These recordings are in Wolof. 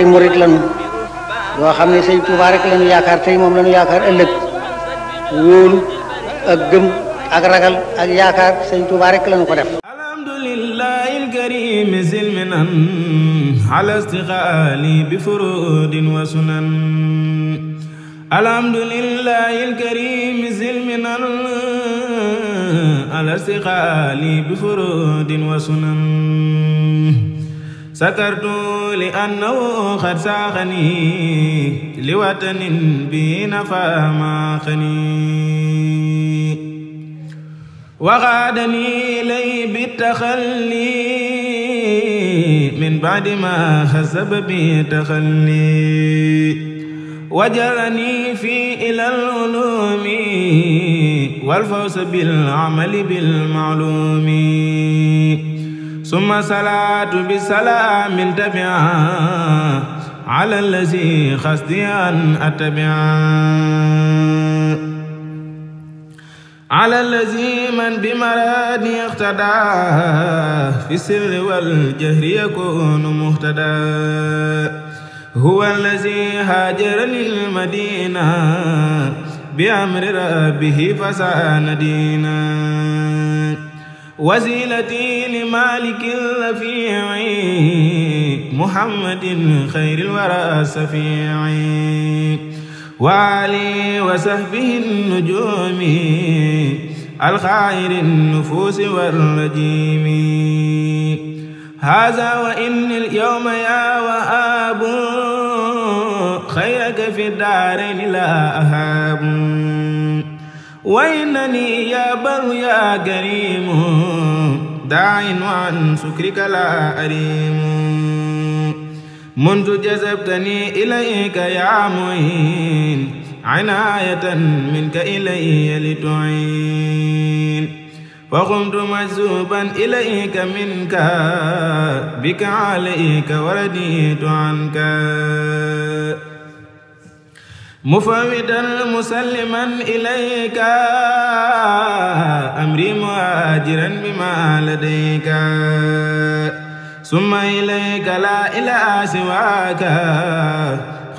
ay murit lañu yoo xam ne sëñ Tuubaa rek lañu yaakaar tey moom lañu yaakaar ëllëg wóolu ak gëm ak ragal ak yaakaar sëñ Tuubaa rek lañu ko def alhamdulillahi alkarim silminan ala istiqaali bi furudin wa sunan alhamdulillahi alkarim silminan ala istiqaali bi furudin wa sunan sakartu li annahu xat saaxani li watanin bi nafa maaxani waxaadani lay bi taxalli min baadi ma xasaba bi taxalli wajalani fi ilal ulumi wal fawsa bil amali bil maalumi summa salaatu bi salaamin tabia ala lazi xasdiyan atabia ala lazi man bi maradi ixtada fi sirri wal jahri yakunu muhtada huwa lazi haajarani lmadina bi amri rabbihi fasaana diina وزيلتي لمالك الرفيع محمد خير الورى سفيع وعلي وسهبه النجوم الخائر النفوس والرجيم هذا وإن اليوم يا وآب خيرك في الدارين لا أهاب ويلني يا بر يا كريم داع عن سكرك لا أريم منذ جذبتني إليك يا معين عناية منك إلي لتعين فقمت مجذوبا إليك منك بك عليك ورديت عنك مفودا مسلما إليك أمري مهاجرا بما لديك ثم إليك لا إله سواك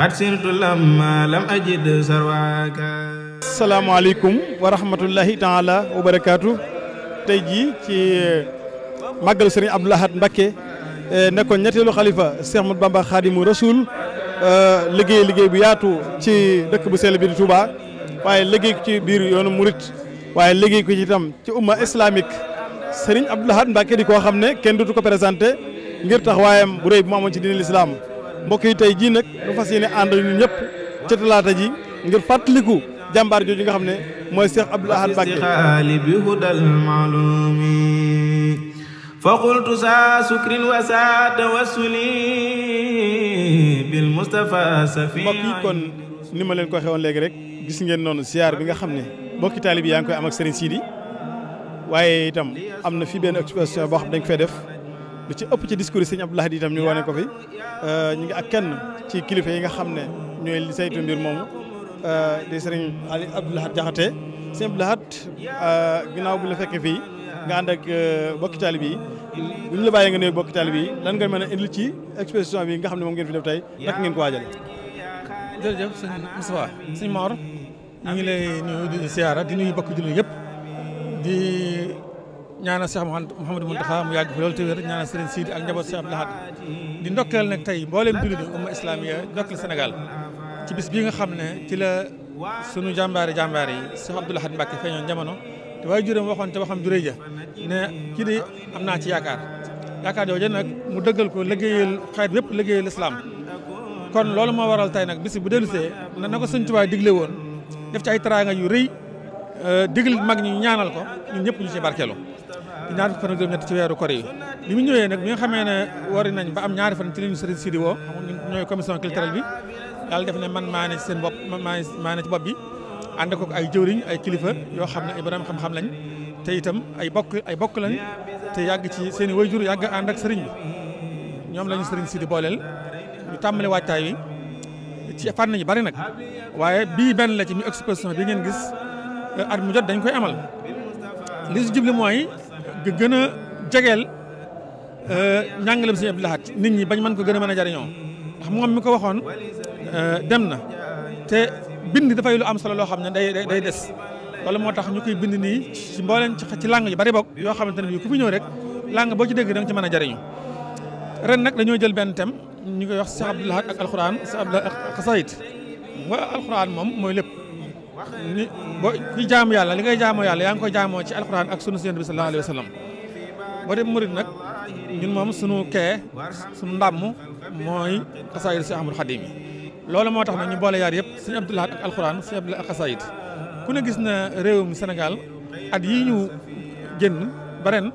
قد سرت لما لم أجد سرواك السلام عليكم ورحمة الله تعالى وبركاته tey jii ci màggal Serigne Abdoul Ahad Mbacké nekkoon ñetteelu xalifa Cheikh Ahmadou Bamba Khadimou Rassoul Euh, liggéey liggéey bu yaatu ci dëkk bu sell bi di Touba waaye liggéey ko ci biir yoonu murit waaye liggéey ko ci itam ci umma islamique Serigne Abdou Lahad Mbacké di koo xam ne kenn dutu ko présenté ngir taxawaayam bu rëy bu mu amoon ci diine l'islam mbokk yi tey jii nag nu fas yéene ànd ñun ñëpp ci talaata ji ngir fàttaliku jàmbaar jooju nga xam ne mooy Cheikh Abdou Lahad Mbacké fa qultu saa sukrin wa saa tawassuli bil Mustafa safi mbokk yi kon ni ma leen ko waxee woon léegi rek gis ngeen noonu ziar bi nga xam ne mbokki taalib yaa ngi koy am ak Serigne Sidi waaye itam am na fi benn exposition boo xam dañ ko fay def lu ci ëpp ci discours yi Serigne Abdou Lahad itam ñu wane ko fi euh, ñu ngi ak kenn ci kilifa yi nga xam ne ñooy li saytu mbir moomu euh, di Serigne Ali Abdou Lahad Jaxate Serigne Abdou Lahad euh, ginnaaw bu la fekkee fii. nga ànd ak euh, bokki taalibe yi bu ñu la bàyyee nga nuyu bokki taalibe yi lan mën a indil ci exposition bi nga xam ne moom ngeen fi def tey naka ngeen ko waajale jërëjëf sëñ Moustapha sëñ Mor ngi lay nuyu di siyaara di nuyu bokki jullit yëpp di ñaanal Cheikh mu yàgg fi loolu te wér ñaanal Serigne Sidi ak njaboot Cheikh Abdou Lahad di ndokkeel nag tey mbooleem jullit umma islamiya ndokkeel senegal ci bis bii nga xam ne ci la sunu jàmbaari jàmbaar yi Cheikh Abdou Lahad Mbacké feeñoon jamono te waaye juróom waxoon te waxam juré ja ne kii de am naa ci yaakaar yaakaar jooju nag mu dëggal ko liggéeyal xeet yëpp liggéeyal islam kon loolu moo waral tey nag bisi bu dellusee na na ko sëñ Tuubaa digle woon def ci ay teraanga yu rëy euh, digal mag ñi ñaanal ko ñun ñëpp ñu ci barkeelu di ñaari fan juróom-ñett ci weeru kor yi li mu ñëwee nag bi nga xamee ne wari nañ ba am ñaari fan ci lañu sëriñ Sidi woo ñooy commission culturelle bi yàlla def ne man maa ne seen bopp maa ne ci bopp bi ànd ko ay jëwriñ ay kilifa yoo xam ne ay xam-xam lañ te itam ay bokk ay bokk lañ te yàgg ci seen i wayjur yàgg ànd ak sëriñ bi ñoom lañu sëriñ si di booleel ñu tàmbali waajtaay wi ci fànn yi bari nag waaye bii benn la ci mi exposition bi ngeen gis eh, at mu jot dañ koy amal li si jubli mooy gën a jegeel eh, njàngalem sëñ Abdou Lahad nit ñi bañ mën ko gën a mën a jariñoo ndax moom mi ko waxoon eh, dem na te bind dafay lu am solo loo xam ne day day des loolu moo tax ñu koy bind nii ci mbooleen ci langue yu bari bokk yoo xamante ne bii ku fi ñëw rek langue boo ci dégg da nga mën a jariñu ren nag dañoo jël benn thème ñu koy wax Cheikh Abdou ak alxuraan Cheikh Abdou Lahad ak moom mooy lépp ni boo yàlla li ngay jaamoo yàlla yaa ngi koy jaamoo ci alxuraan ak sunu Yonent bi sallallahu alayhi wa sallam boo dem murid nag ñun moom sunu kee sunu ndàmm mooy xasaayid Cheikh Ahmadou Khadim yi loolu moo tax na ñu boole yaar yëpp sëñ Abdou Lahad ak alxuraan sëñ Abdou Lahad ak xasaayit ku ne gis na réewum Sénégal at yii ñu jën ba ren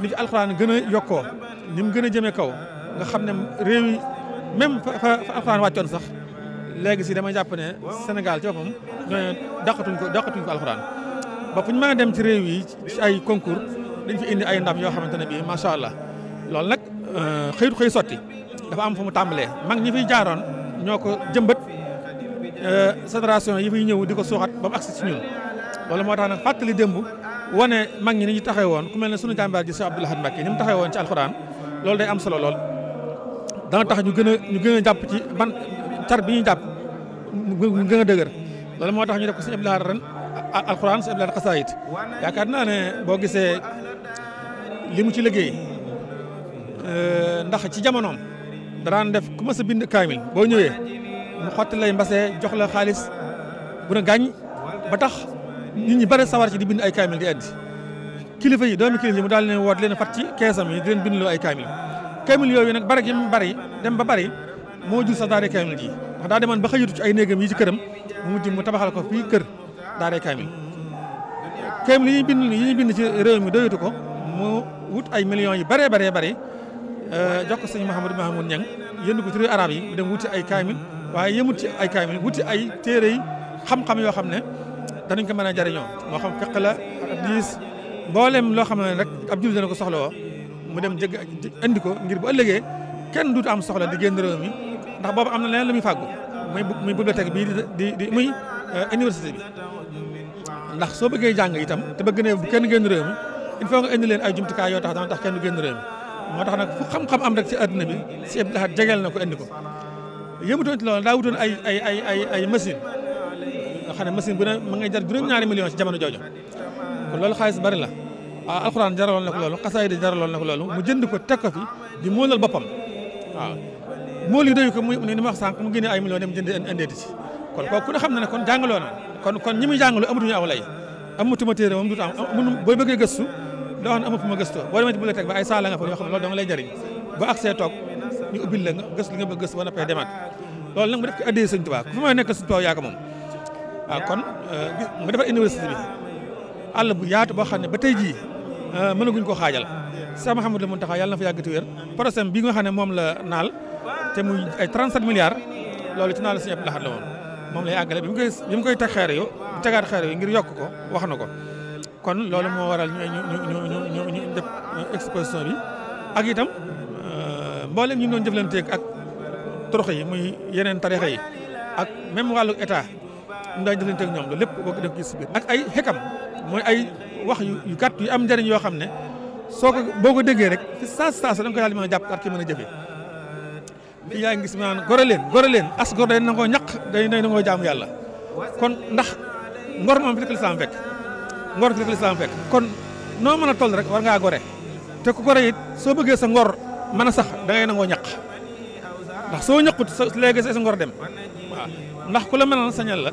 ni fi alxuraan gën a yokkoo ni mu gën a jëmee kaw nga xam ne réew yi même fa fa alxuraan wàccoon sax léegi si dama jàpp ne Sénégal ci boppam ñooñu dàqatuñ ko dàqatuñ ko alxuraan ba ñu mën a dem ci réew yi ci ay concours dañ fi indi ay ndam yoo xamante ne bii macha allah loolu nag euh, xëyut xëy sotti dafa am fu mu tàmbalee mag ñi jaaroon. ñoo ko jëmbat euh, génération yi muy ñëw di ko suuxat ba mu agsi ci ñun wala moo tax nag fàttali démb wane mag ñi ni ñu taxee woon ku mel ne sunu jàmbaar ji Cheikh Abdoul Ahad Mbacké ni mu taxee woon ci alxuraan loolu day am solo lool dana tax ñu gën a ñu gën a jàpp ci ban car bi ñuy jàpp mu gën a dëgër loolu moo tax ñu def ko sëñ Abdoul ren alxuraan sëñ Abdoul Ahad xasaayit yaakaar naa ne boo gisee li mu ci liggéey euh, ndax ci jamonoom daraan def ku ma sa bind kaamil boo ñëwee mu xotti lay mbasee jox la xaalis bu na gàññ ba tax nit ñi bare sawar ci di bind ay kaamil di addi kilifa yi doomi kilifa yi mu daal leen woot leen fat ci keesam yi di leen bindloo ay kaamil kaamil yooyu nag bare gi mu bari dem ba bari moo jur sax daaree kaamil ji ndax daa demoon ba xëyatu ci ay néegam yi ci këram mu mujj mu tabaxal ko fii kër daaree kaamil kaamil yi ñuy bind yi ñuy bind ci réew mi doyatu ko mu wut ay millions yi bare bare bare Euh, jox ko sëñ Mouhamadou Mahamoud Niang yënd ko ci réew arab yi mu dem wuti ay kaamil waaye yëmut ci ay kaamil wuti ay téere yi xam-xam yoo xam ne danañ ko mën a jariñoo moo xam fiq la diis mboolem loo xam ne rek ab jullit dana ko soxla woo mu dem jëgg indi ko ngir bu ëllëgee kenn duutu am soxla di génn réew mi ndax boobu am na leen la muy fàggu muy muy teg bii di di muy euh, université bi ndax soo bëggee jàng itam te bëgg ne bu kenn génn réew mi il leen ay jumtukaay yoo tax dana tax kenn génn réew moo tax nag fu xam-xam am rek ci àddina bi si Abdou Lahad jegeel na ko indi ko yëmutoon ci loolu daa wutoon ay ay ay ay ne machine bu ne ma ngay jar juróom-ñaari million jamono jooju kon loolu xaalis bari la waaw ah, alxuraan jaraloon na ko loolu xasaayid jaraloon na loolu mu jënd ko teg ko fi di móolal boppam waaw móol yi doyu ko mu ni ma wax sànq mu génne ay million dem jënd indeeti ci kon kooku ku ne xam na ne kon jàngaloo na kon kon ñi muy jàngaloo amatuñu aw lay amatuma téere moom du am mënu booy bëggee gëstu loo xam ne amul fu ma gëstoo boo demee ci bibliothèque ba loolu dong lay jëriñ ba accès toog ñu ubbil la gës li nga bëgg gës ba noppee demaat loolu nag mu def ko addee sëñ Tuubaa fu may nekk sëñ Tuubaa yaa moom ah, kon nga euh, defar université bi àll bu yaatu boo xam ne ba tey jii mën euh, mënaguñ ko xaajal Cheikh Mouhamadou Mountakha yàlla na fa yàggati wér projet bi nga xam ne moom la naal te muy ay 37 milliards loolu ci naal la Sëñ Abdou Lahad la woon moom lay àggale bi mu koy koy teg xeer yu tegaat xeer yu ngir yokk ko wax na ko kon loolu moo waral ñu ñu ñu ñu ñu def euh, exposition bi ak itam euh, mboolem ñu ngi doon jëflanteeg ak torox yi muy yeneen tarixa yi ak même wàllu état ñu daan jëflanteeg ñoom loolu lépp boo ko def ci biir ak ay xekam mooy ay wax yu gàtt yu am njëriñ yoo xam ne soo ko boo ko déggee rek ci sens sens da nga ko daal di mën a jàpp daal ci mën a jëfee fii yaa ngi gis ma naan gore leen gore leen as gor day nangoo ñaq day day nangoo jaamu yàlla kon ndax ngor moom fi rek la fekk. ngor te la islam fekk kon noo mën a toll rek war ngaa gore te ku gore it soo bëggee sa ngor mën a sax da ngay nangoo ñaq ndax soo ñaqut sa léegi sa ngor dem ndax ku la mënal sañal la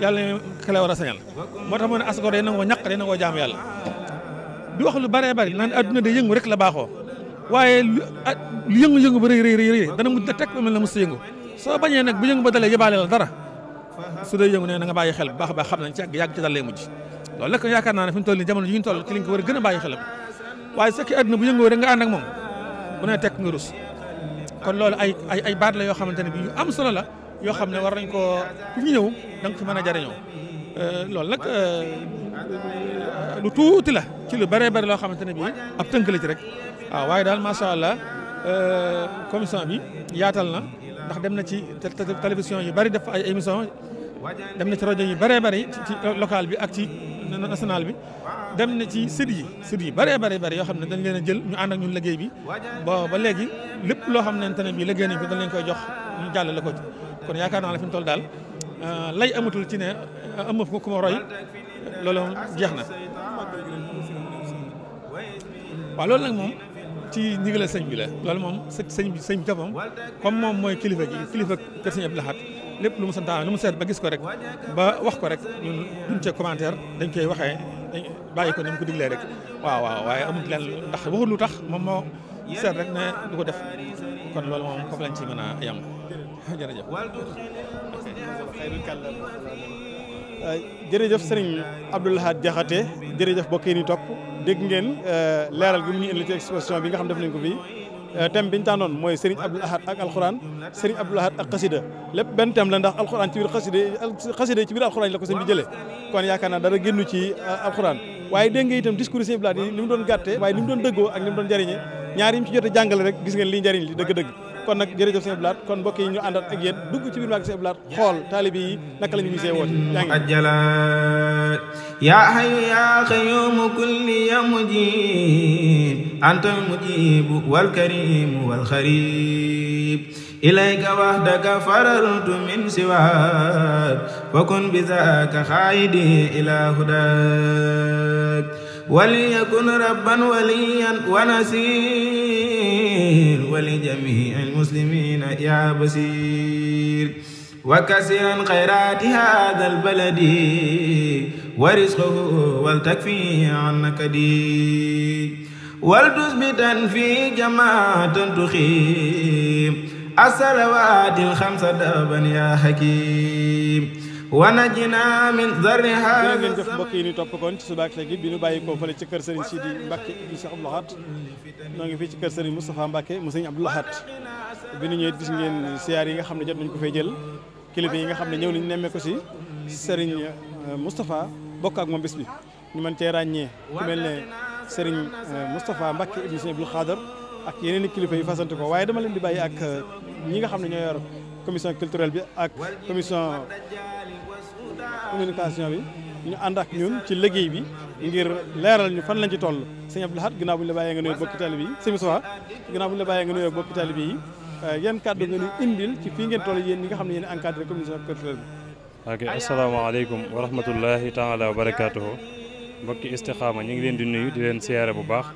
yàlla ne ka la war a sañal moo tax mu ne as gor day nangoo ñaq day nangoo jaam yàlla di wax lu bëree bari naan adduna de yëngu rek la baaxoo waaye lu yëngu-yëngu ba rëy rëy rëy dana mujj na teg ba mel na mos yëngu soo bañee nag bu yëngu ba dalee yëbaale la dara su dee yëngu ne na nga xel a baax xam nañ ci yàgg yàgg ci dal lay mujj loolu nag yaakaar naa ne fi mu toll nii jamono ji ñu toll ci liñ ko war a gën a bàyyi xel waaye sëkki àdduna bu yëngoo rek nga ànd ak moom bu ne tekk nga rus kon loolu ay ay ay baat la yoo xamante ne bi yu am solo la yoo xam ne war nañ koo ku da nga fi mën a jariñoo euh, loolu nag euh, lu tuuti la ci lu bëree bëri loo xamante ne bii ab ci rek waaw waaye daal macha allah euh, commission bi yaatal na ndax dem na ci télévision yi bari def ay émission dem na ci rajo yi bëree bari ci local bi ak ci. national bi dem na ci sët yi sët yi bëree bëri bëri yoo xam ne dañ leen a jël ñu ànd ak ñun liggéey bi ba ba léegi lépp loo xam ne ne bi liggéey nañ ko dañ leen koy jox ñu jàll la ko ci kon yaakaar naa la fi mu toll daal euh, lay amatul ci ne euh, amu ko ku ma roy loolu jeex na waaw loolu nag moom ci ndigal sëñ bi la loolu moom sëñ bi sëñ bi toppam comme moom mooy kilifa gi kilifa kër sëñ Abdou Lahad lépp lu mu santaan mu seet ba gis ko rek ba wax ko rek ñun duñ ca commentaire dañ koy waxee bàyyi ko ni mu ko diglee rek waaw waaw waaye amut leen ndax waxul lu tax moom moo seet rek ne du ko def kon loolu moom foofu lañ ci mën a yem jërëjëf. jërëjëf sëriñ Abdou Lahad jaxate jërëjëf mbokk yi ni topp dégg ngeen euh, leeral gi mu ñu indi ci exposition bi nga xam def nañ ko fii. Euh, thème bi ñu tànnoon mooy sëriñ Abdul Ahad ak alxuraan sëriñ Abdul Ahad ak xasida lépp benn thème la ndax alxuraan ci biir xasida xasida ci biir alxuraan la ko sëñ bi jëlee kon yaakaar naa dara génnu ci euh, alxuraan waaye dégg nga itam discours sëñ Abdul Ahad yi li mu doon gàtte waaye li mu doon dëggoo ak li mu doon jariñe ñaar yi mu ci jot a jàngale rek gis ngeen li njariñ li dëgg-dëgg kon nag jërëjëf sëñ Abdul Ahad kon mbokk yi ñu àndaat ak yéen dugg ci biir maag أنت المجيب والكريم والخريب إليك وحدك فررت من سواك فكن بذاك خائدي إلى هداك وليكن ربا وليا ونسير ولجميع المسلمين يا بصير وكثيرا خيرات هذا البلد ورزقه ولتكفي عنك دي والدس بتنفي جماعة تخيم الصلوات الخمس دربا يا حكيم wanajina min zarri hada ngeen def mbokk yi ni topp kon ci subaak léegi bi ñu bàyyi ko fële ci kër Serigne Sidi Mbacke bi Cheikh Abdou Lahad noo ngi fii ci kër Serigne Moustapha Mbacke mu Serigne Abdou Lahad bi nu ñëwee gis ngeen siyaar yi nga xam ne jot nañ ko fee jël kilifa yi nga xam ne ñëw nañ nemmee ko si Serigne euh, Moustapha bokk ak moom bis bi ñu mën cee ràññee Serigne euh, Moustapha Mbacke ibn Serigne Abdou Khadar ak yeneen i kilifa yi fasante ko waaye dama leen di bàyyi ak euh, ñi nga xam ne ñoo yor commission culturelle bi ak commission communication bi ñu ànd ak ñun ci liggéey bi ngir leeral ñu fan lañ ci toll sëñ Abdou Lahad ginnaaw bu ñu la bàyyee nga nuyoo bokki taalibe yi sëñ Moustapha ginnaaw bu ñu la bàyyee nga nuyoo bokki taalibe yi euh, yan kàddu nga ñu indil ci fii ngeen toll yéen ñi nga xam ne yéen encadré commission culturelle bi ok asalaamaaleykum wa rahmatullahi taala wa barakatuhu mbokki istixaama ñu ngi leen di nuyu di leen siyaare bu baax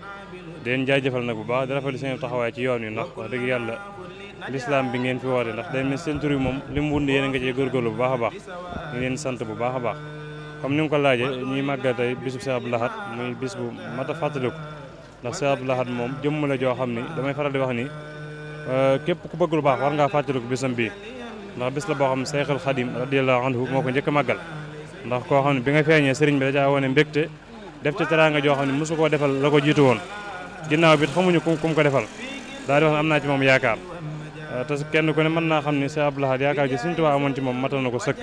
di leen jaajëfal nag bu baax di rafetlu seen taxawaay ci yoon wi ndax wax dëgg yàlla lislaam bi ngeen fi woote ndax day mel seen moom li mu wund nga a nga cee góorgóorlu bu baax a baax ñu leen sant bu baax a baax comme ni nga ko laajee ñuy màggal tey bisub Sëñ Abdou Lahad muy bis bu mat a fàttaliku ndax Sëñ Abdou Lahad moom jëmm la joo xam ni damay faral di wax ni euh, képp ku bëgg lu baax war ngaa fàttaliku bisam bii ndax bis la boo xam Seyxul Xadim radiyallahu anhu moo ko njëkk màggal ndax koo xam ne bi nga feeñee sëriñ bi dajaa wone mbégte def ci teraanga joo xam ne mosu koo defal la ko jiitu woon ginnaaw bi xamuñu ku mu ko defal daal di wax ne am naa ci moom yaakaar euh, te kenn ku ne mën naa xam ne Cheikh Abdou Lahad yaakaar ji Sëriñ Tuubaa amoon ci moom matal ko sëkk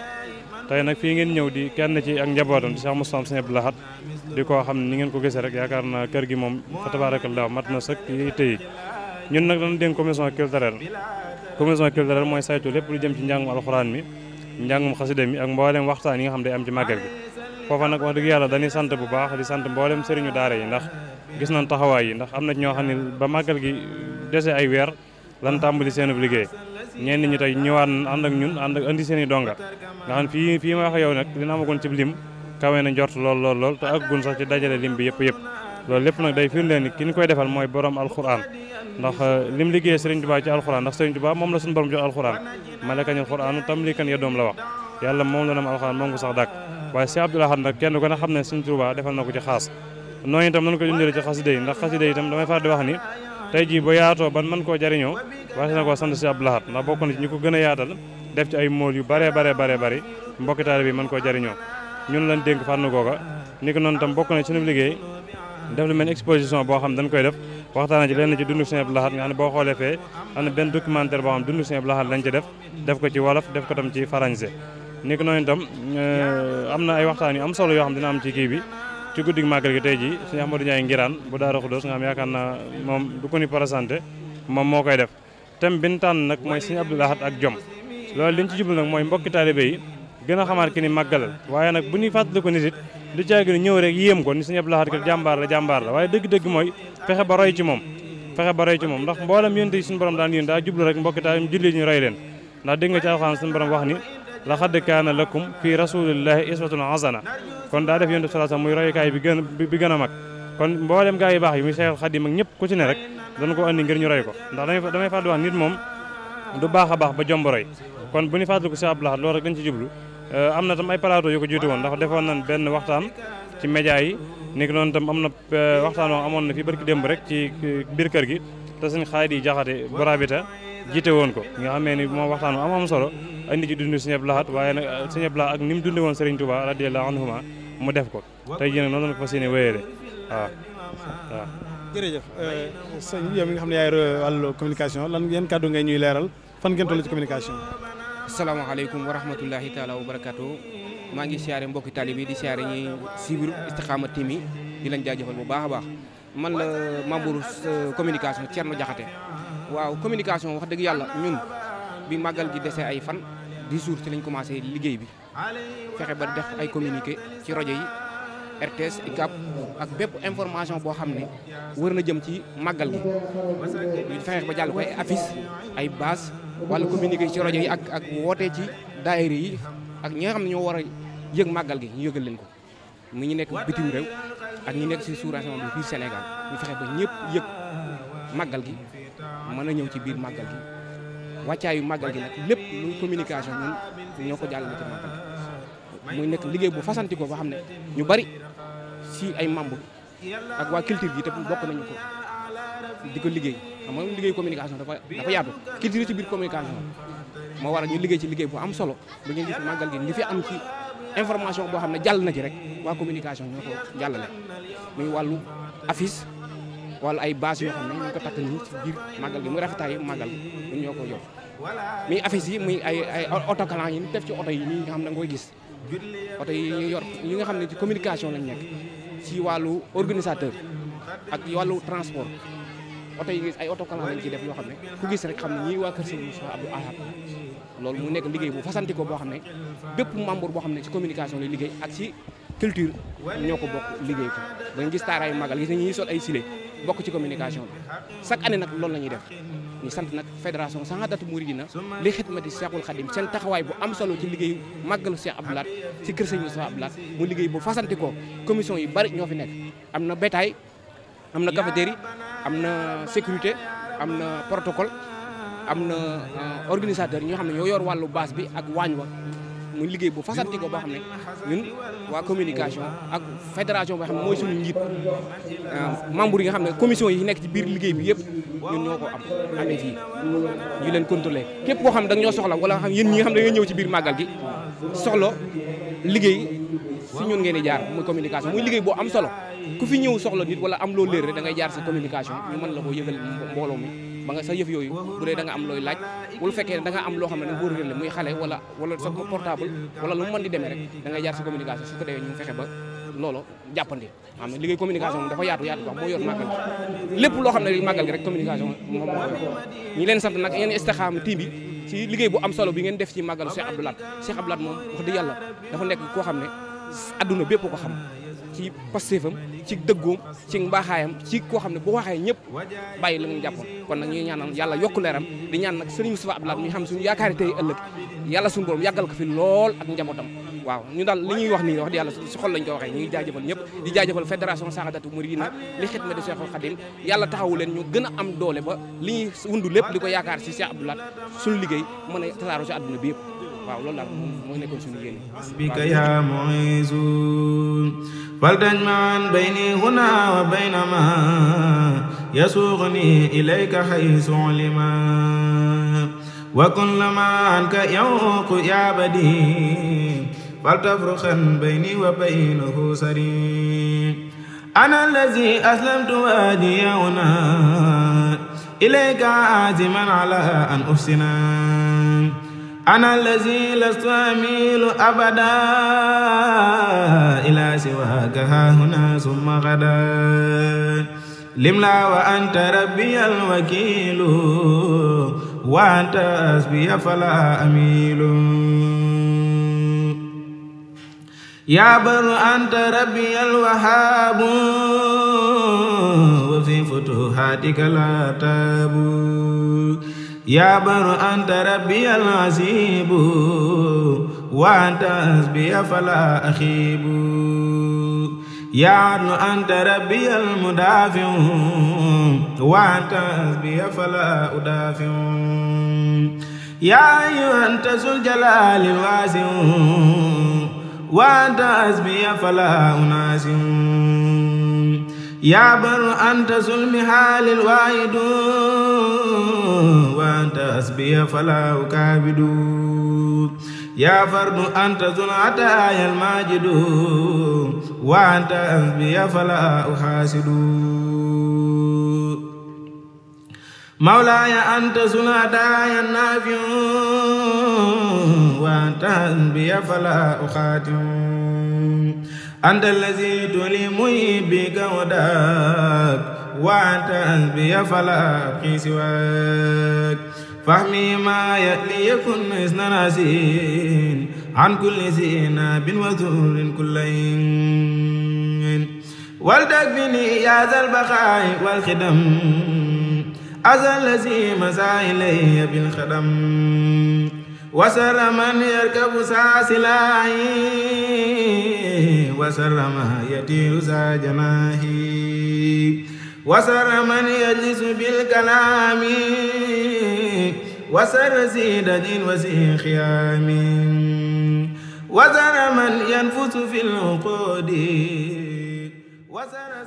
tey nag fii ngeen ñëw di kenn ci ak njabootam di Cheikh Moustapha Sëriñ Abdou Lahad di koo xam ne ni ngeen ko gisee rek yaakaar naa kër gi moom fa tabaarakallaa mat na sëkk yi tey ñun nag dañu dénk commission culturelle commission culturelle lépp lu jëm ci njàngum alxuraan mi njàngum xasida mi ak mboolem waxtaan yi nga xam day am ci màggal gi foofa nag wax dëgg yàlla dañuy sant bu baax di sant mboolem sëriñu daara yi ndax gis nañ taxawaay yi ndax am na ñoo xam ne ba màggal gi dese ay weer lan tàmbali seenub liggéey ñenn ñi tey ñëwaat ànd ak ñun ànd ak andi seen i donga nga fii fii ma wax yow nag dina amagoon ci lim kawe na njort lool lool lool te aggun sax ci dajale lim bi yëpp yëpp loolu lépp nag day firndeel ni ki ñu koy defal mooy borom alxuraan ndax euh, lim liggéeyee Serigne Touba ci alxuraan ndax Serigne Touba moom la suñu borom jox alxuraan malakañu alxuraanu tam lii kan ya la wax yàlla moom la nam alxuraan moom ko sax dàkk waaye Cheikh Abdoul Ahad kenn ko ne xam ne Serigne Touba defal na ko ci xaas noonu itam nañ ko jundalee ci xasida yi ndax xasida yi itam damay faral di wax ni tey jii ba yaatoo ban mën koo jariñoo waxee na a yaatal def def lu mel exposition boo xam dañ koy def waxtaan ci lenn ci dundu Sëñ Abdou Lahad nga xam ne boo xoolee fee am na benn documentaire boo xam dundu Sëñ Abdou Lahad lañ ci def def ko ci wolof def ko tam ci français ni noonu itam euh, am na ay waxtaan yu am solo yoo xam dina am ci kii bi ci guddig màggal gi tey jii Sëñ Ahmadou Ndiaye Ngiraan bu Daara Xudoos nga xam yaakaar moom du ko ni présenté moom moo koy def thème bi ñu tànn nag mooy Sëñ Abdou Lahad ak jom loolu liñ ci mooy mbokki taalibe yi gën a xamaat ki ni màggalal waaye nag bu ñuy fàttaliku nit it du caagi ñëw rek yéem ko ni Sëriñ Abdou Lahad kat jàmbaar la jàmbaar la waaye dëgg-dëgg mooy fexe ba roy ci moom fexe ba roy ci moom ndax mboolem yonent yi suñu borom daan yéen daa jublu rek mbokki taam julli ñu roy leen ndax dégg nga ci alxuraan suñu borom wax ni laqad kaana lakum fii rasulillahi iswatun hasana kon daa def yonent bi sallallahu muy royukaay bi gën bi gën a mag kon mboolem gaa baax yi muy Seexul ko andi ngir ko ndax damay fàttali wax nit a baax ba jomb roy bu ñu fàttaliku Sëriñ Abdou Lahad loolu rek Euh, am na tam ay plateau yu ko jiite woon ndax defoon nañ benn waxtaan ci média yi nekk noonu tam am na euh, waxtaan woo amoon na fi barki démb rek ci biir kër gi te sëñ Xaadi Jaxate Borabita jiite woon ko nga xamee ni moom waxtaan am am solo indi ci dund Sëñ Abdu Lahat waaye nag euh, Sëñ Abdu ni mu dundee woon Serigne Touba radiyallahu anhuma mu def ko tey jii noonu la ko fas yéene wéyale waaw waaw. jërëjëf sëñ yow xam ne yaay wàllu communication lan yan kàddu ngay ñuy leeral fan ngeen toll ci communication asalaamaaleykum wa rahmatullahi taala wa barakaatu maa ngi siyaare mbokki tali bi di siyaare ñi sibir Istikhama TV di lañ jaajëfal bu baax baax man la membre euh, communication Thierno Diakhaté waaw communication wax dëgg yàlla ñun bi màggal gi desee ay fan di jours ci lañ commencé liggéey bi fexe ba def ay communiqué ci rajo yi RTS ICAP ak bépp information boo xam ne war na jëm ci màggal gi ñu fexe ba jàll ko ay affiche ay baas wala communiqué ci rajo yi ak ak woote ci daayira yi ak ñi nga xam ne ñoo war a yëg màggal gi ñu yëgal leen ko mu ñu nekk bitim réew ak ñi nekk si sous-région bi biir Sénégal ñu fexe ba ñëpp yëg màggal gi mën a ñëw ci biir màggal gi wàccaayu màggal gi nag lépp luy communication ñun ñoo ko jàllale ci màggal gi muy nekk liggéey bu fasanti ko ba xam ne ñu bari si ay membre ak waa culture bi te bokk nañu ko di ko liggéey xam nga liggéey communication dafa dafa yaatu culture ci biir communication moo waral ñu liggéey ci liggéey bu am solo ba ñu gis màggal gi li fi am ci information boo xam ne jàll na ci rek waa communication ñoo ko jàllale muy wàllu affiche wala ay bâche yoo xam ne ñu ko takk nii ci biir màggal gi muy rafetaayu màggal gi ñun ñoo ko yor muy affiche yi muy ay ay autocollant yi def ci oto yi ñi nga xam ne nga koy gis oto yi ñu yor ñi nga xam ne ci communication lañ nekk si wàllu organisateur ak wàllu transport oto yi ay autocollant lañ ciy def yoo xam ne ku gis rek xam ne ñii waa Kër Serigne Moustapha Abdou Ahad loolu mu nekk liggéey bu fasanti ko boo xam ne bépp membre boo xam ne ci communication lay liggéey ak si culture ñoo ko bokk liggéey ko ba gis taaraayu magal gis nañ ñuy sol ay silé bokk ci communication bi chaque année nag loolu la ñuy def ñu sant nag fédération Sahadatou Mouridina li xidmati Cheikhul Khadim seen taxawaay bu am solo ci liggéey màggalu Cheikh Abdou Lahad ci kër Serigne Moustapha Abdou Lahad mu liggéey bu fasante ko commission yu na bétail am na cafétéria am na sécurité am na protocole am na euh, organisateur ñoo xam ne ñoo yor wàllu base bi ak waañ wa mu liggéey bu fasanti ko boo xam ne ñun waa communication ak fédération boo xam ne mooy suñu njiit euh, membre yi nga xam ne commission yi nekk ci biir liggéey bi yëpp ñun ñoo ko am amee fii ñu leen contrôlé képp koo xam da nga ñoo soxla wala xam yéen ñi nga xam da ñëw ci biir màggal gi soxla liggéey si ñun ngeen di muy communication muy liggéey boo am solo ku fi ñëw soxla nit wala am loo léer rek da ngay jaar sa communication ñu mën la ko yëgal mbooloo mi ba nga sa yëf yooyu bu dee da nga am looy laaj wala fekkee ne am loo xam ne da nga ko muy xale wala wala sa portable wala lu mu mën di demee da loolo jàppandi xam ne liggéey communication moom dafa yaatu yaatu wax moo yor màggal lépp loo xam ne li màggal gi rek communication moom moo ñi leen sant nag yeen Istikhama team bi ci liggéey bu am solo bi ngeen def ci màggalu si Abdou Lahad Cheikh Abdou Lahad moom wax dëgg yàlla dafa nekk koo xam ne adduna bépp ko xam ci pastéefam ci dëggoom ci mbaaxaayam ci koo xam ne bu waxee ñëpp bàyyi la ñu jàppoon kon nag ñuy ñaanal yàlla yokk leeram di ñaan nag Serigne Moustapha Abdou Lahad mi xam suñu yaakaari tey ëllëg yàlla suñu borom yàggal ko fi lool ak njabootam waaw ñu daal li ñuy wax nii wax di yàlla si xol lañ ko waxee ñu ngi jaajëfal ñëpp di jaajëfal fédération Saxadatu Muridina li xitma di Cheikhul Khadim yàlla taxawu leen ñu gën a am doole ba li ñuy wundu lépp di ko yaakaar si Cheikh Abdou Lahad suñu liggéey mën a tasaaroo si àdduna bi yëpp waaw loolu daal moo nekkoon suñu yéene bika ya mu'izu wal tajma'an bayni huna wa bayna ma yasughni ilayka haythu lima wa kun lama anka yawqu ya badi فلتفرقا بيني وبينه سري أنا الذي أسلمت وادي هنا إليك عازما على أن أحسنا أنا الذي لست أميل أبدا إلى سواك ها هنا ثم غدا لملا وأنت ربي الوكيل وأنت أسبي فلا أميل يا بر أنت ربي الوهاب وفي فتوحاتك لا تاب يا بر أنت ربي العزيب وأنت حسبي فلا أخيب يا عدل أنت ربي المدافع وأنت حسبي فلا أدافع يا أيها أنت ذو الجلال الواسع وأنت حسبي فلا أناس يا بر أنت ظلمها للواحد وأنت حسبي فلا أكابد يا فرد أنت زنعتا يا الماجد وأنت حسبي فلا أحاسد مولاي أنت سندايا نافع وأنت أنبيا فلا أخاتم أنت الذي تلمي بك وداك وأنت أنبيا فلا أبقي سواك فهمي ما يأتي يكن إذن ناسين عن كل زيناب وذور كلين والتكفني يا ذا البقاء والخدم azalazi masa ilaya bilxadam wasara man yarkabu saasilahi wasara ma yatiiru sa janaahi wasara man yajlisu bilkalaami wasara si dajin wa si xiyaami wasara man yanfusu fi lcuqudi wasara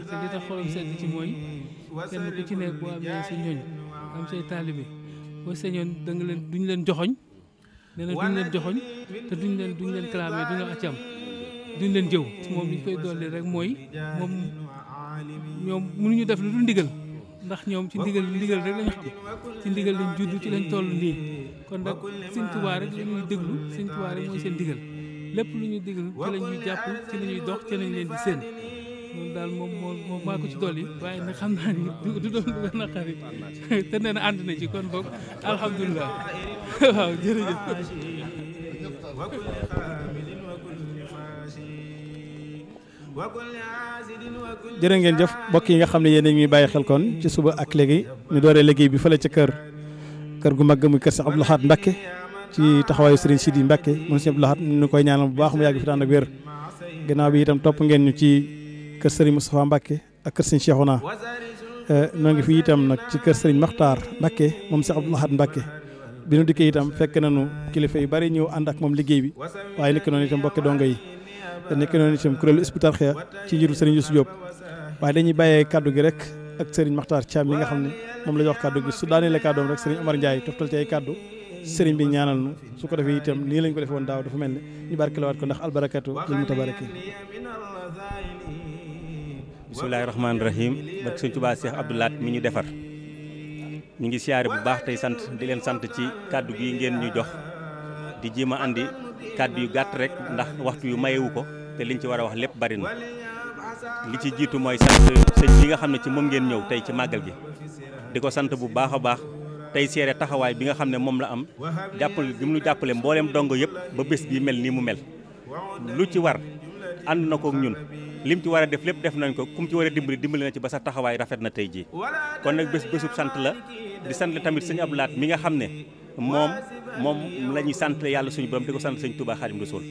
ndaxte li tax xolam sedd ci mooy kenn ku ci nekk boo amee sa ñooñ am say taalibe boo sañoon da leen duñ leen joxoñ nee na duñ leen joxoñ te duñ leen duñ leen clamé duñ leen accam duñ leen jëw moom li ñu koy dolli rek mooy moom ñoom ñu def lu dul ndigal ndax ñoom ci ndigal ndigal rek lañ xam ci ndigal lañ juddu ci lañ toll nii kon nag sëñ Tuubaa rek la ñuy déglu sëñ Tuubaa rek mooy seen ndigal lépp lu ñu digal ci la ñuy ci la ñuy dox ci lañ leen di seen loolu daal moom moom maa ko ci dolli waaye nag xam a xarit ànd na ci ngeen jëf mbokk yi nga xam ne yéen a ngi bàyyi xel kon ci suba ak léegi ñu dooree liggéey bi fële ca kër kër gu mag mu kër Seex Abdou Lahad Mbacké ci taxawaayu Serigne Sidi Mbacké moom Seex Abdou Lahad ñu koy ñaanal bu baax mu yàgg fi wér gannaaw bi itam topp ngeen ñu ci kër sëriñ Moustapha Mbacke ak kër sëriñ Cheikhouna eh, noo ngi fi itam nag ci kër sëriñ Makhtar Mbacke moom Cheikh Abdoul Ahad Mbacke bi nu dikkee itam fekk nañu kilifa yu bari ñëw ànd ak moom liggéey bi waaye nekk noonu itam mbokki dongo yi nekk noonu itam kuréelu Hizbut Tarqiyyah ci njiitu sëriñ Youssou Diop waaye dañuy bàyyee kàddu gi rek ak sëriñ Makhtar Thiam mi nga xam ne moom la jox kàddu gi su daaneele kàddoom rek sëriñ Omar Ndiaye toftal ci kàddu sëriñ bi ñaanal su ko defee itam nii lañ ko defee woon daaw dafa mel ne ñu barkeelawaat ko ndax albarakatu lil mutabaraki bisimilahi rahmaani rahim barke sëñ Tuubaa Seex Abdou Lahat mi ñu defar ñu ngi siyaare bu baax tey sant di leen sant ci kàddu gi ngeen ñu jox di jéem a andi kàddu yu gàtt rek ndax waxtu yu mayewu ko te liñ ci war a wax lépp bari na li ci jiitu mooy sant sëñ bi nga xam ne ci moom ngeen ñëw tey ci màggal gi di ko sant bu baax a baax tey seere taxawaay bi nga xam ne moom la am jàppale bi mu jàppale mbooleem dongo yëpp ba bés bi mel nii mu mel ci war lim ci war a def lépp def nañ ko kum ci war a dimbali dimbali na ci ba sa taxawaay rafet na tey ji kon nag bés bésub sant la di sant la tamit sëñ Abdou Lahat mi nga xam ne moom moom lañuy ñuy sant yàlla suñu borom di ko sant sëñ Touba Xaadimu Rasuul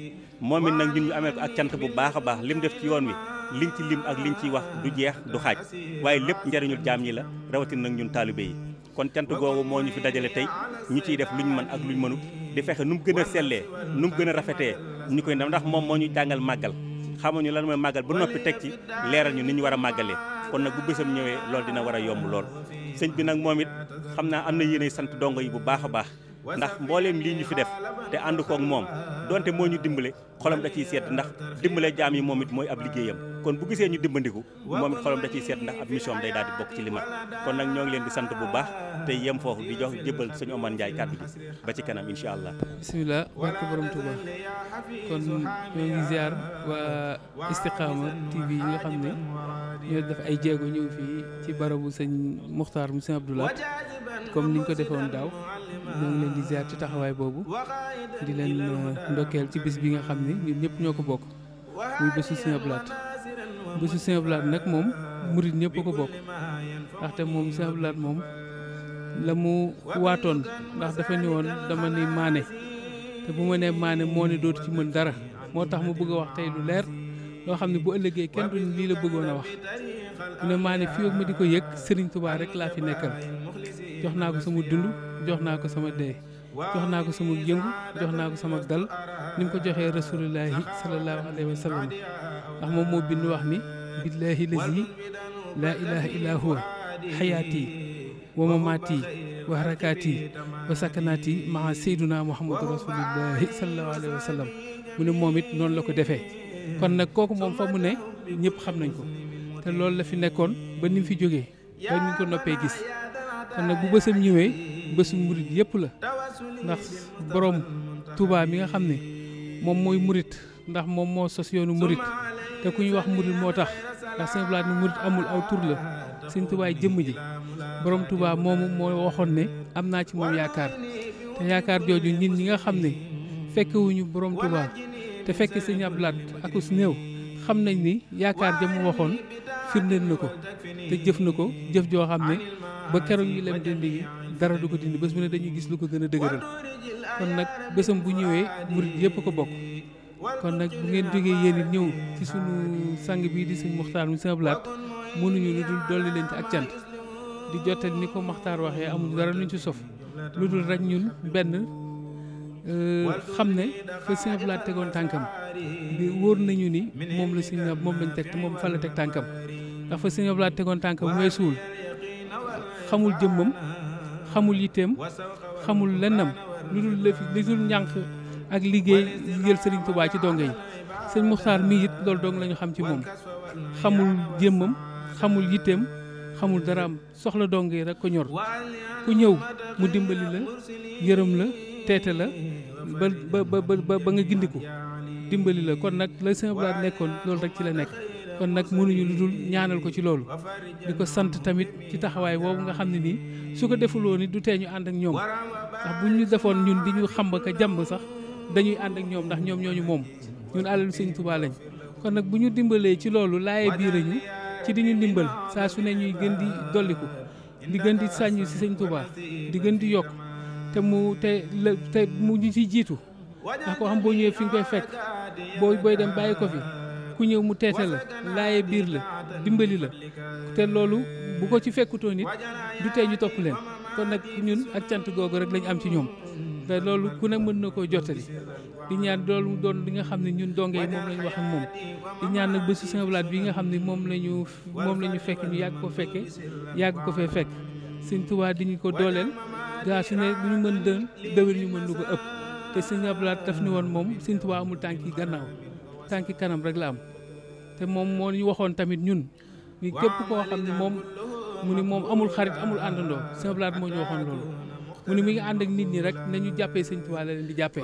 moom mi nag ñun ñu amee ko ak cant bu baax a baax lim def ci yoon wi liñ ci lim ak liñ ciy wax du jeex du xaaj waaye lépp njariñul jaam yi la rawatin nag ñun taalibe yi kon cant googu moo ñu fi dajale tey ñu ciy def luñ mën ak luñ mënut di fexe nu mu gën a sellee nu mu gën a rafetee ñu koy ndax moom moo ñu jàngal màggal xamuñu lan mooy màggal ba noppi teg ci leeral ñu ni ñu war a màggalee kon nag bu bésam ñëwee loolu dina war a yomb lool sëñ bi nag moom it xam naa am na yéene sant dongo yi bu baax a baax ndax mbooleem lii ñu fi def te ànd koog moom donte moo ñu dimbale xolam da ciy seet ndax dimbale jaam yi moom it mooy ab liggéeyam kon bu gisee ñu dimbandiku moom it xolam da ciy seet ndax ab mission am day daal di bokk ci li mat kon nag ñoo ngi leen di sant bu baax te yem foofu di jox jëbbal sëñ Omar Ndiaye kàddu gi ba ci kanam incha allah. bisimilah barke borom Touba kon ñoo ngi ziar waa Istiqama TV yi nga xam ne ñoo def ay jéego ñëw fii ci barabu sëñ Muxtaar mu sëñ Abdoulaat comme niñ ko defoon daaw ñoo ngi leen di ziar ci taxawaay boobu di leen uh, ndokkeel ci bis bi nga xam ne ñun ñëpp ñoo ko bokk muy bésu sëñ ba si Sëñ Abdu Lahat nag moom murit ñëpp ko bokk ndaxte moom Sëñ Abdu Lahat moom la mu waatoon ndax dafa ni woon dama ni maane te bu ma ne maane moo ne dootu ci mën dara moo tax mu bëgg a wax tey lu leer loo xam ne bu ëllëgee kenn du lii la bëggoon a wax mu ne maane fii ak ma di ko yëg Sëriñ Tuubaa rek laa fi nekkal jox naa ko sama dund jox naa ko sama dee jox naa ko sama yëngu jox naa ko sama dal ni mu ko joxee rasulullahi sallallahu alayhi wa sallam ndax moom moo bind wax ni billahi lazi laa ilaha illa huwa xayaati wa mamaati wa harakaati wa sakanaati maa sayduna muhammadu rasulillahi sallallahu alayhi wa mu ne moom it noonu la ko defee kon nag kooku moom fa mu ne ñëpp xam nañ ko te loolu la fi nekkoon ba ni mu fi jógee ba ñu ko noppee gis kon nag bu bësam ñëwee bësu murit yëpp la ndax borom tubaa mi nga xam ne moom mooy murit ndax moom moo sos yoonu murit te ku ñuy wax murit moo tax ndax sëñ Abdoul Ahad murit amul aw tur la sëñ Touba jëmm ji borom Touba moomu moo waxoon ne am naa ci moom yaakaar te yaakaar jooju nit ñi nga xam ne fekkewuñu borom tubaa te fekk sëñ Abdoul Ahad ak néew xam nañ ni yaakaar ja mu waxoon firndeel na ko te jëf na ko jëf joo xam ne ba keroog ñu lem dund yi dara du ko dindi bés bu ne dañu gis lu ko gën a dëgëral kon nag bésam bu ñëwee murit yëpp ko bokk kon nag bu ngeen jógee yéen it ñëw ci sunu sang bii di si Muxtaar mu sëñ Ablaat mënuñu lu dul dolli leen ci ak cant di jottali ni ko maxtar waxee amul dara luñ ci sof lu dul rek ñun benn euh, xam ne fa sëñ Ablaat tegoon tànkam bi wóor nañu ni moom la sëñ moom lañ teg moom fa la teg tànkam ndax fa sëñ Ablaat tegoon tànkam weesuwul xamul jëmmam xamul yitteem xamul lennam lu dul lëf li dul ñànq ak liggéey liggéeyal Serigne Touba ci donge yi sëñ Muxtaar mii it loolu dong lañu xam ci moom xamul jëmmam xamul yitteem xamul dara soxla donge yi rek ko ñor ku ñëw mu dimbali la yërëm la teete la ba ba ba ba nga gindiku dimbali la kon nag la sëñ Abdoulaye nekkoon loolu rek ci la nekk. kon nag mënuñu lu dul ñaanal ko ci loolu di ko sant tamit ci taxawaay boobu nga xam ne nii su ko defuloo ni du tee ñu ànd ak ñoom ndax buñ ñu defoon ñun di ñu xamba ko jàmb sax dañuy ànd ak ñoom ndax ñoom ñooñu moom ñun alalu sëñ Tuubaa lañ kon nag bu ñu dimbalee ci loolu laaye biirañu ci di ñu dimbal saa su ne ñuy gën di dolliku di gën di sàññ si sëñ Tuubaa di gën di yokk te mu te te mu ñu ci jiitu ndax ko xam boo ñëwee fi nga koy fekk boo booy dem bàyyi ko fi ku ñëw mu teete la laaye biir la dimbali la te loolu bu ko ci fekkutoo nit du tey ñu topp leen kon nag ñun ak cant googu rek lañu am ci ñoom te loolu ku ne mën na koo jottali di ñaan loolu doon li nga xam ne ñun donge yi moom la ñu wax ak moom di ñaan na ba si bi nga xam ne moom la ñu moom la ñu fekk ñu yàgg ko fekke yàgg ko fee fekk Sëñ Tuubaa di ñu ko dooleel gaa su ne lu ñu mën dën ñu mën lu ko ëpp te Sëñ Ablaat daf ni woon moom Sëñ Tuubaa amul tànk yi gannaaw tànki kanam rek la am te moom moo ñu waxoon tamit ñun ni képp koo xam ne moom mu ni moom amul xarit amul àndandoo sëñ Ablaat moo ñu waxoon loolu mu ni mi ngi ànd nit ñi rek nañu jàppee sëñ Tuubaa la leen di jàppee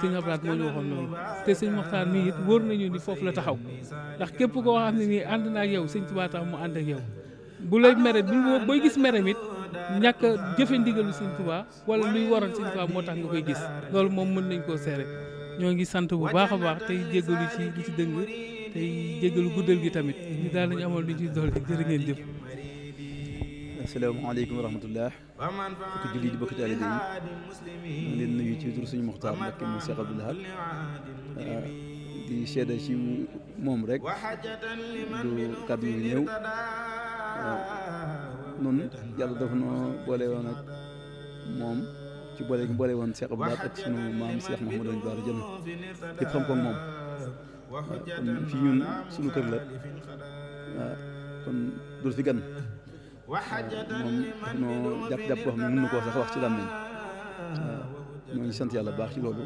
sëñ Ablaat moo ñu waxoon loolu te sëñ Moxtaar mii it wóor nañu ni foofu la taxaw ndax képp koo xam ne nii ànd naa ak yow sëñ Tuubaa tax mu ànd ak bu lay mere bu booy gis mere mit ñàkk jëfe ndigalu sëñ Tuubaa wala luy waral sëñ Tuubaa moo tax nga koy gis loolu moom mën nañ koo seere ñoo ngi sant bu baax a baax tey jéggalu ci lu ci dëng tey jéggalu guddal gi tamit ñu daal lañu amal lu ñu ci dool jërë ngeen jëf asalaamaaleykum wa rahmatullah bokk julli ci tur suñu muxtaar mu Cheikh Abdoul Ahad di moom rek du kàddu yu néew noonu yàlla dafa noo boole woon ak moom ci boole gi boole woon Cheikh Abdou ak sunu maam Cheikh Mouhamadou Bara Dione yëpp xam ko moom kon fii ñun sunu kër la waaw kon dul fi gan moom noo jàpp-jàpp koo xam ne mën na koo sax wax ci làmmiñ waaw ñoo ngi sant yàlla baax ci loolu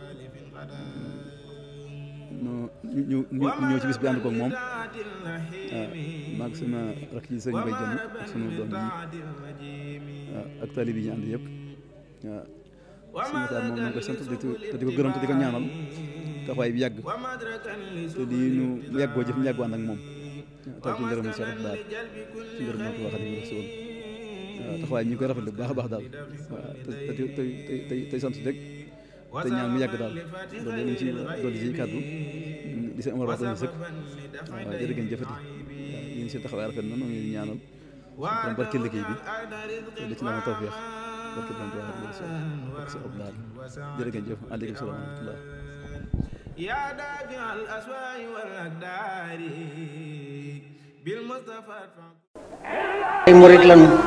no ñu ñu ñëw ci bis bi ànd koog moom waaw maag sama rakk ji sëriñ bay jëm ak sunu doom yi ak tali bi ñu ànd yëpp waaw sëñ Mataar moom ngi koy sant te di ko gërëm te di ko ñaanal taxawaay bi yàgg te di ñu yàggoo jëf ñu yàggoo ànd ak moom taw ci bi Cheikh daal ci ngërëm moo si woon waaw ñu koy rafetlu bu baax a baax daal waaw te te te tey sant rek te ñaan mu yàgg daal loolu yëpp ci doon ci kàddu di seen Omar wax dëgg sëkk waaw jërë ngeen jëfati waaw yéen seen taxawaay rafet na noonu ñaanal suñu barke liggéey bi te di ci naan tawfeex barke Borom Tuubaa Xaadimu Rasuul ak sa ob laal jërë ngeen jëf aleykum salaam wa rahmatullah yaa daafi al aswaay wal akdaari bil Mustafa ay murit lañu